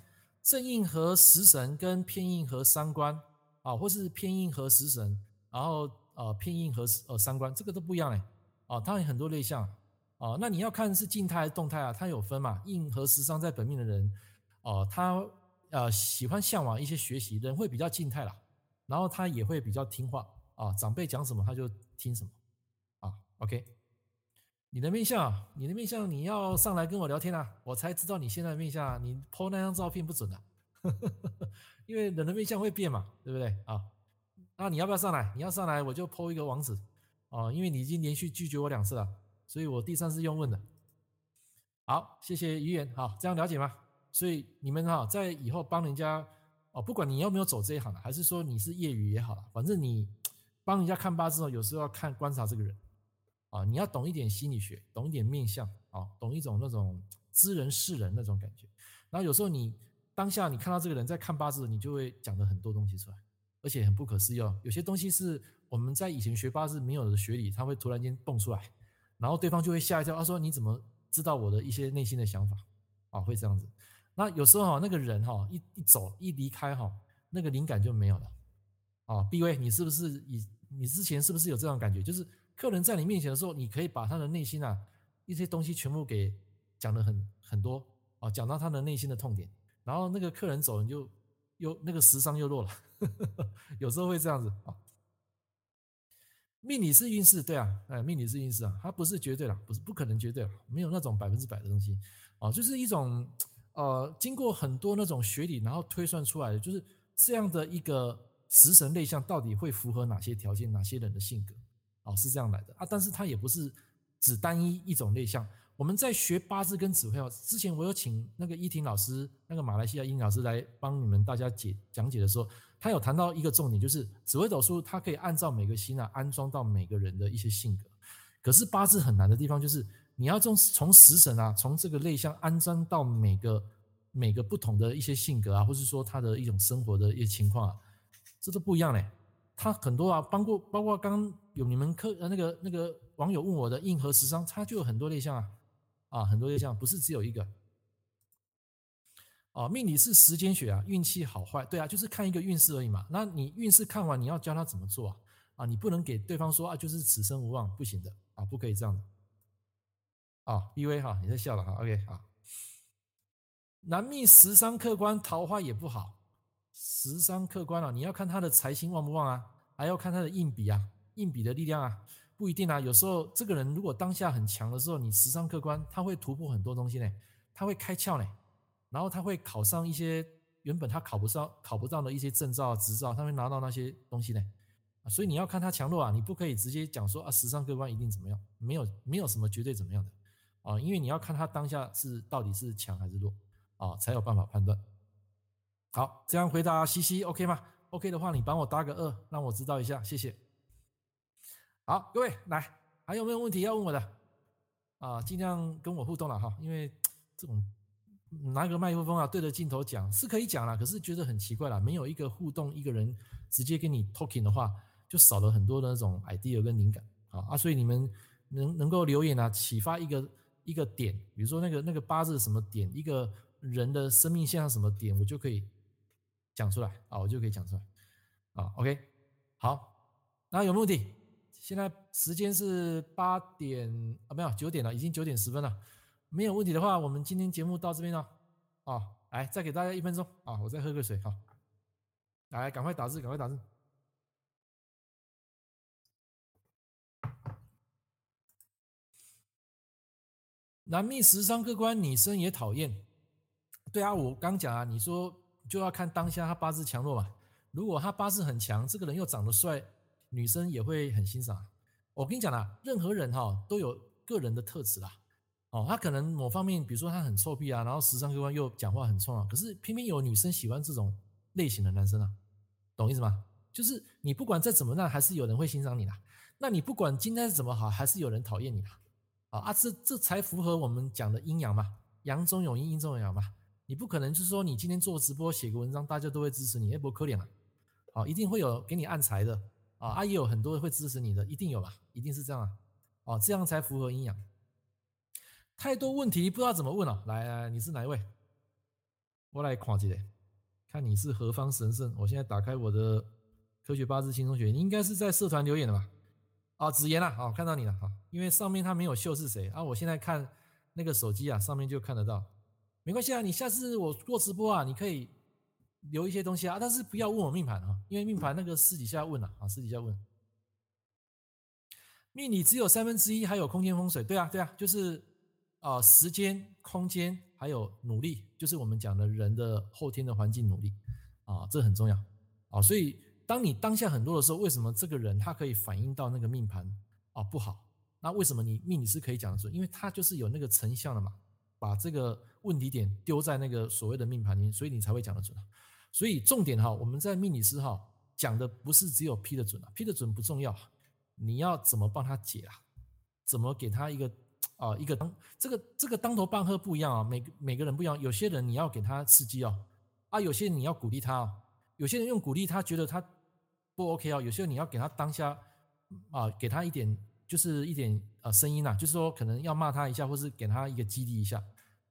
正印和食神跟偏印和傷官啊，或是偏印和食神，然後呃偏印和呃傷官，這個都不一樣嘞，啊，當然很多類象啊，那你要看是靜態還是動態啊，它有分嘛。印和食傷在本命的人，啊，他啊、呃、喜歡向往一些學習，人會比較靜態啦，然後他也會比較聽話啊，長輩講什麼他就聽什麼啊，OK。你的面相，你的面相，你要上來跟我聊天啊，我才知道你現在的面相。你 po 那張照片不準的，啊， 因為人的面相會變嘛，對不對啊？那你要不要上來？你要上來，我就 po 一個網址。哦，啊，因為你已經連續拒絕我兩次了，所以我第三次用問的。好，謝謝於言。好，這樣了解嗎？所以你們哈，啊，在以後幫人家哦，啊，不管你有沒有走這一行，啊、還是說你是業餘也好啦，反正你幫人家看八字哦，有時候要看觀察這個人。啊，你要懂一點心理學，懂一點面相，啊，懂一種那種知人識人那種感覺。然後有時候你當下你看到這個人在看八字，你就會講了很多東西出來，而且很不可思議哦，有些東西是我們在以前學八字沒有的學理，他會突然間蹦出來，然後對方就會嚇一跳，他說你怎麼知道我的一些內心的想法？啊，會這樣子。那有時候哈，那個人哈，一一走一離開哈，那個靈感就沒有了。啊，B 位，你是不是以你之前是不是有這種感覺？就是。客人在你面前的時候，你可以把他的內心啊一些東西全部給講得很很多啊，講到他的內心的痛點，然後那個客人走人，你就又那個食傷又弱了，呵呵，有時候會這樣子，啊，命理是運勢，對啊，哎，命理是運勢啊，他不是絕對的，不是，不可能絕對，沒有那種百分之百的東西啊，就是一種啊，呃，經過很多那種學理，然後推算出來的，就是這樣的一個食神類象到底會符合哪些條件，哪些人的性格。老師這樣來的啊，但是他也不是只單一一種類象。我們在學八字跟紫微哦之前，我有請那個依婷老師，那個馬來西亞英老師來幫你們大家解講解的時候，他有談到一個重點，就是紫微斗數，它可以按照每個星啊安裝到每個人的一些性格。可是八字很難的地方就是，你要從從十神啊，從這個類象安裝到每個每個不同的一些性格啊，或是說他的一種生活的一些情況啊，這都不一樣嘞。他很多啊，包括包括剛,剛。有你們客呃那個那個網友問我的印和食傷，它就有很多類象啊啊很多類象，不是只有一個。哦，命理是時間學啊，運氣好壞，對啊，就是看一個運勢而已嘛。那你運勢看完，你要教他怎麼做啊？啊，你不能給對方說啊，就是此生無望，不行的啊，不可以這樣的。啊、哦、，B V 哈，A, 你在笑了哈、啊、，OK 好、啊。男命食傷剋官，桃花也不好，食傷剋官啊，你要看他的財星旺不旺啊，還要看他的印比啊。印比的力量啊，不一定啊。有時候這個人如果當下很強的時候，你食傷克官，他會突破很多東西呢，他會開竅呢，然後他會考上一些原本他考不上、考不到的一些證照、執照，他會拿到那些東西呢。所以你要看他強弱啊，你不可以直接講說啊，食傷克官一定怎麼樣，沒有沒有什麼絕對怎麼樣的啊、哦，因為你要看他當下是到底是強還是弱啊、哦，才有辦法判斷。好，這樣回答西西，OK 嗎？OK 的話，你幫我搭個二，讓我知道一下，謝謝。好，各位來，還有沒有問題要問我的啊？盡量跟我互動了哈，因為這種拿個麥克風啊，對着鏡頭講是可以講啦，可是覺得很奇怪啦，沒有一個互動，一個人直接跟你 talking 的話，就少了很多的那種 idea 跟靈感啊啊！所以你們能能夠留言啊，啟發一個一個點，比如說那個那個八字什麼點，一個人的生命線上什麼點，我就可以講出來啊，我就可以講出來啊。OK，好，那有沒有問題？現在時間是八點啊，沒有九點了，已經九點十分了。沒有問題的話，我們今天節目到這邊了、哦、啊、哦。來，再給大家一分鐘啊、哦，我再喝個水好、哦。來，趕快打字，趕快打字。男命食傷剋官，女生也討厭。對啊，我剛講啊，你說就要看當下他八字強弱嘛。如果他八字很強，這個人又長得帥。女生也會很欣賞、啊。我跟你講啦、啊，任何人哈、哦、都有個人的特質啦，哦，他、啊、可能某方面，比如說他很臭屁啊，然後時尚又講話很衝啊，可是偏偏有女生喜歡這種類型的男生啊，懂意思嗎？就是你不管再怎麼爛，還是有人會欣賞你的。那你不管今天怎麼好，還是有人討厭你的、哦。啊，這這才符合我們講的陰陽嘛，陽中有陰，陰中有陽嘛。你不可能就是說你今天做直播寫個文章，大家都會支持你，也、哎、不會可憐了、啊。好、哦，一定會有給你暗財的。啊，也有很多會支持你的，一定有吧？一定是這樣啊！哦，這樣才符合陰陽。太多問題不知道怎麼問了，來，來，你是哪一位？我來看一下，看你是何方神聖。我現在打開我的科學八字輕鬆學，你應該是在社團留言的吧？啊，子言啊，好，看到你了，啊，因為上面他沒有秀是誰啊。我現在看那個手機啊，上面就看得到。沒關係啊，你下次我做直播啊，你可以。留一些東西啊，但是不要問我命盤啊，因為命盤那個私底下問了啊，私底下問。命理只有三分之一，還有空間風水，對啊，對啊，就是啊、呃，時間、空間還有努力，就是我們講的人的後天的環境努力啊、呃，這很重要啊、呃。所以當你當下很多的時候，為什麼這個人他可以反映到那個命盤啊、呃、不好？那為什麼你命理是可以講得準？因為他就是有那個成像的嘛，把這個問題點丟在那個所謂的命盤裡，所以你才會講得準、啊。所以重點哈，我們在命理師哈講的不是只有批的準啊，批的準不重要，你要怎麼幫他解啊？怎麼給他一個啊、呃、一個這個這個當頭棒喝不一樣啊，每每個人不一樣。有些人你要給他刺激哦、啊，啊，有些你要鼓勵他啊，有些人用鼓勵他覺得他不 OK 啊，有些人你要給他當下啊、呃，給他一點就是一點啊聲音啊，就是說可能要罵他一下，或是給他一個激勵一下。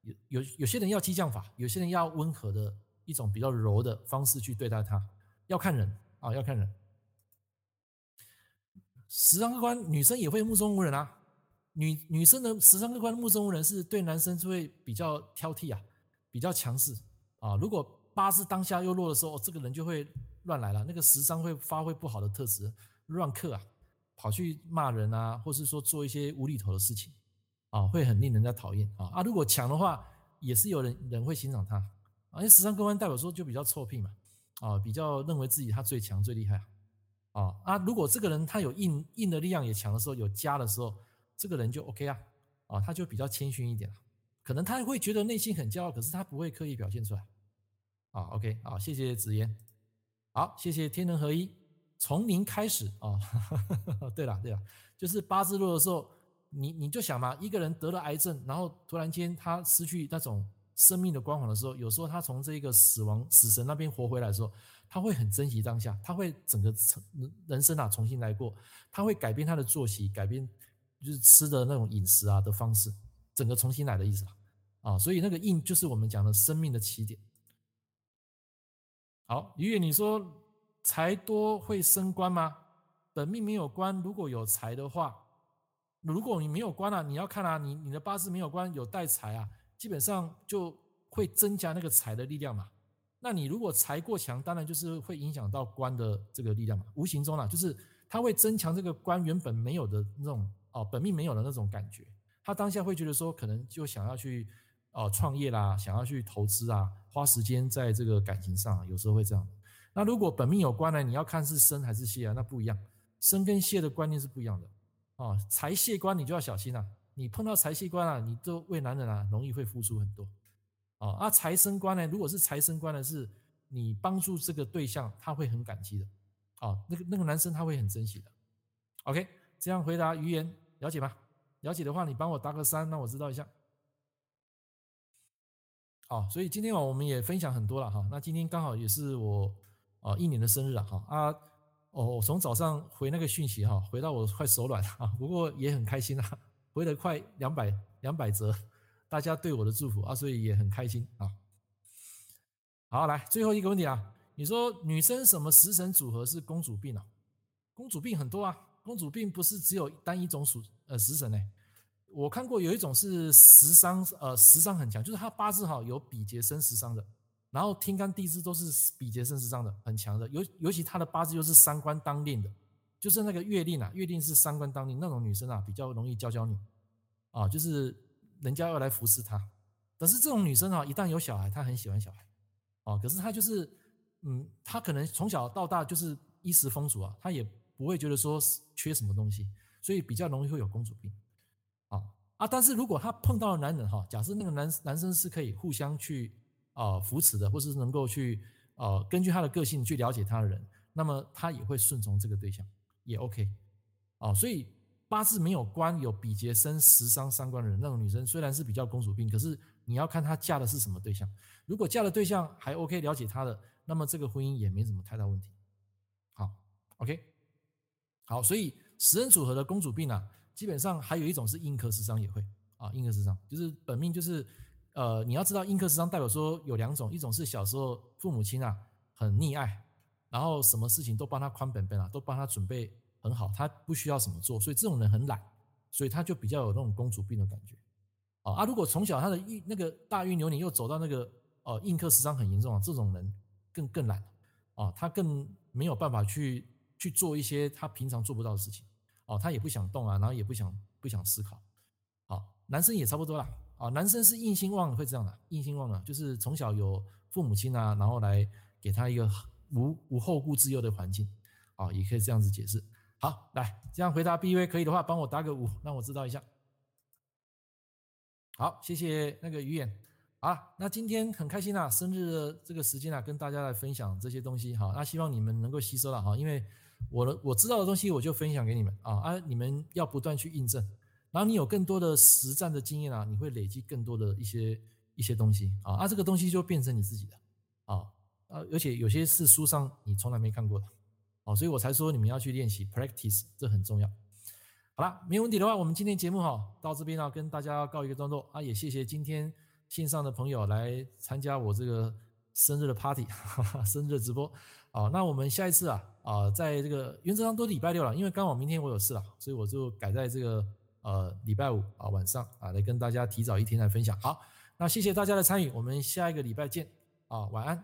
有有有些人要激將法，有些人要溫和的。一種比較柔的方式去對待他，要看人啊，要看人。食傷剋官，女生也會目中無人啊。女女生的食傷剋官目中無人，是對男生就會比較挑剔啊，比較強勢啊。如果八字當下又弱的時候，哦，這個人就會亂來了，那個食傷會發揮不好的特質，亂克啊，跑去罵人啊，或是說做一些無厘頭的事情啊，會很令人家討厭啊。啊，如果強的話，也是有人人會欣賞他。而且十神傷官代表說就比較臭屁嘛，啊，比較認為自己他最強最厲害。啊啊，如果這個人他有硬硬的力量也強的時候，有加的時候，這個人就 OK 啊，啊，他就比較謙遜一點、啊、可能他會覺得內心很驕傲，可是他不會刻意表現出來、啊，啊，OK，好，謝謝紫言，好，謝謝天人合一，從零開始啊， 對了對了，就是八字弱的時候，你你就想嘛，一個人得了癌症，然後突然間他失去那種。生命的光環的時候，有時候他從這個死亡死神那邊活回來的時候，他會很珍惜當下，他會整個人生啊重新來過，他會改變他的作息，改變就是吃的那種飲食啊的方式，整個重新來的意思啊、哦，所以那個印就是我們講的生命的起點。好，雨雨，你說財多會升官嗎？本命沒有官，如果有財的話，如果你沒有官啊，你要看啊，你你的八字沒有官，有帶財啊。基本上就會增加那個財的力量嘛。那你如果財過強，當然就是會影響到官的這個力量嘛。無形中呢、啊，就是他會增強這個官原本沒有的那種哦，本命沒有的那種感覺。他當下會覺得說，可能就想要去哦創業啦，想要去投資啊，花時間在這個感情上、啊，有時候會這樣。那如果本命有官呢，你要看是生還是泄啊，那不一樣，生跟泄的觀念是不一樣的。哦，財泄官你就要小心啦、啊。你碰到財氣官啊，你就為男人啊，容易會付出很多，哦啊，啊，財生官呢，如果是財生官呢，是，你幫助這個對象，他會很感激的，啊那個那個男生他會很珍惜的，OK，這樣回答余言了解嗎？了解的話，你幫我打個三，讓我知道一下。好，所以今天我們也分享很多了哈，那今天剛好也是我啊一年的生日了哈，啊哦，從早上回那個訊息哈，回到我快手軟啊，不過也很開心啊。回了快兩百兩百折，大家對我的祝福啊，所以也很開心啊。好，來最後一個問題啊，你說女生什麼食神組合是公主病啊？公主病很多啊，公主病不是只有單一種屬呃食神呢、欸，我看過有一種是食傷，呃食傷很強，就是她八字好有比劫生食傷的，然後天干地支都是比劫生食傷的，很強的。尤尤其她的八字又是三官當令的。就是那個月令啊，月令是三官當令那種女生啊，比較容易嬌嬌女，啊，就是人家要來服侍她。但是這種女生啊，一旦有小孩，她很喜歡小孩，啊，可是她就是，嗯，她可能從小到大就是衣食豐足啊，她也不會覺得說缺什麼東西，所以比較容易會有公主病，啊啊。但是如果她碰到的男人哈、啊，假設那個男男生是可以互相去啊、呃、扶持的，或者是能夠去啊、呃、根據她的個性去了解她的人，那麼她也會順從這個對象。也 OK，哦，所以八字沒有官有比劫生食傷三官的人，那種女生雖然是比較公主病，可是你要看她嫁的是什麼對象。如果嫁的對象還 OK，了解她的，那麼這個婚姻也沒什麼太大問題。好，OK，好，所以食神組合的公主病啊，基本上還有一種是印克食傷也會啊，印克食傷就是本命就是，呃，你要知道印克食傷代表說有兩種，一種是小時候父母親啊很溺愛。然後什麼事情都幫他寬本本啊，都幫他準備很好，他不需要什麼做，所以這種人很懶，所以他就比較有那種公主病的感覺，啊如果從小他的運那個大運流年又走到那個呃印克食傷很嚴重啊，這種人更更懶啊，他更沒有辦法去去做一些他平常做不到的事情，哦、啊，他也不想動啊，然後也不想不想思考，好、啊，男生也差不多啦，啊，男生是印星旺會這樣的，印星旺啊，就是從小有父母親啊，然後來給他一個。無無後顧之憂的環境，啊、哦，也可以這樣子解釋。好，來這樣回答。BV 可以的話，幫我打個五，讓我知道一下。好，謝謝那個魚眼。啊，那今天很開心啊，生日的這個時間啊，跟大家來分享這些東西。好，那希望你們能夠吸收了哈，因為我的我知道的東西，我就分享給你們啊啊，你們要不斷去印證，然後你有更多的實戰的經驗啊，你會累積更多的一些一些東西啊啊，這個東西就變成你自己的啊。呃，而且有些是書上你從來沒看過的，哦，所以我才說你們要去練習，practice，這很重要。好了，沒有問題的話，我們今天節目哈到這邊啊，跟大家告一個段落啊，也謝謝今天線上的朋友來參加我這個生日的 party，生日的直播。哦，那我們下一次啊啊，在這個原則上都禮拜六了，因為剛好明天我有事了，所以我就改在這個呃禮拜五啊晚上啊來跟大家提早一天來分享。好，那謝謝大家的參與，我們下一個禮拜見啊，晚安。